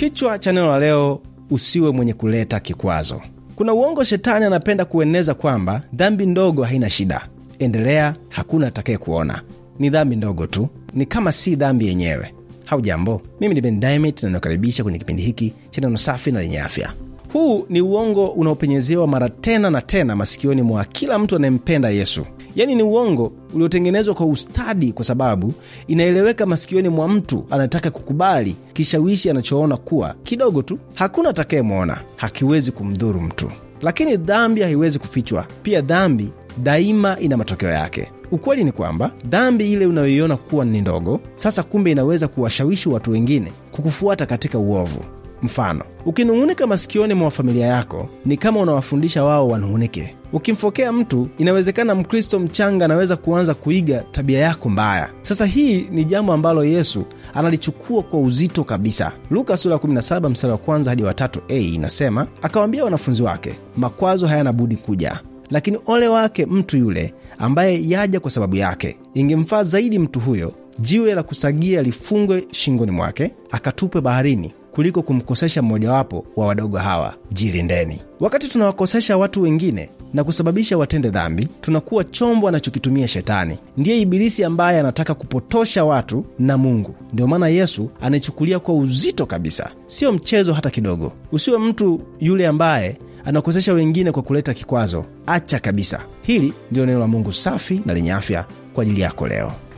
Kichwa cha neno la leo, usiwe mwenye kuleta kikwazo. Kuna uongo shetani anapenda kueneza kwamba dhambi ndogo haina shida, endelea, hakuna atakaye kuona, ni dhambi ndogo tu, ni kama si dhambi yenyewe. hau jambo mimi ni Ben Diamond na nakaribisha kwenye kipindi hiki cha neno safi na lenye afya. Huu ni uongo unaopenyezewa mara tena na tena masikioni mwa kila mtu anayempenda Yesu. Yaani ni uongo uliotengenezwa kwa ustadi, kwa sababu inaeleweka masikioni mwa mtu anataka kukubali kishawishi anachoona kuwa kidogo tu, hakuna atakayemwona, hakiwezi kumdhuru mtu. Lakini dhambi haiwezi kufichwa, pia dhambi daima ina matokeo yake. Ukweli ni kwamba dhambi ile unayoiona kuwa ni ndogo, sasa kumbe inaweza kuwashawishi watu wengine kukufuata katika uovu. Mfano, ukinung'unika masikioni mwa familia yako ni kama unawafundisha wao wanung'unike. Ukimfokea mtu, inawezekana Mkristo mchanga anaweza kuanza kuiga tabia yako mbaya. Sasa hii ni jambo ambalo Yesu analichukua kwa uzito kabisa. Luka sura 17 mstari wa kwanza hadi watatu a inasema akawaambia wanafunzi wake, makwazo hayana budi kuja, lakini ole wake mtu yule ambaye yaja kwa sababu yake. Ingemfaa zaidi mtu huyo jiwe la kusagia lifungwe shingoni mwake akatupwe baharini kuliko kumkosesha mmojawapo wa wadogo hawa. Jilindeni. Wakati tunawakosesha watu wengine na kusababisha watende dhambi, tunakuwa chombo anachokitumia Shetani. Ndiye Ibilisi ambaye anataka kupotosha watu na Mungu. Ndio maana Yesu anaichukulia kwa uzito kabisa, sio mchezo hata kidogo. Usiwe mtu yule ambaye anakosesha wengine kwa kuleta kikwazo. Acha kabisa. Hili ndilo neno la Mungu safi na lenye afya kwa ajili yako leo.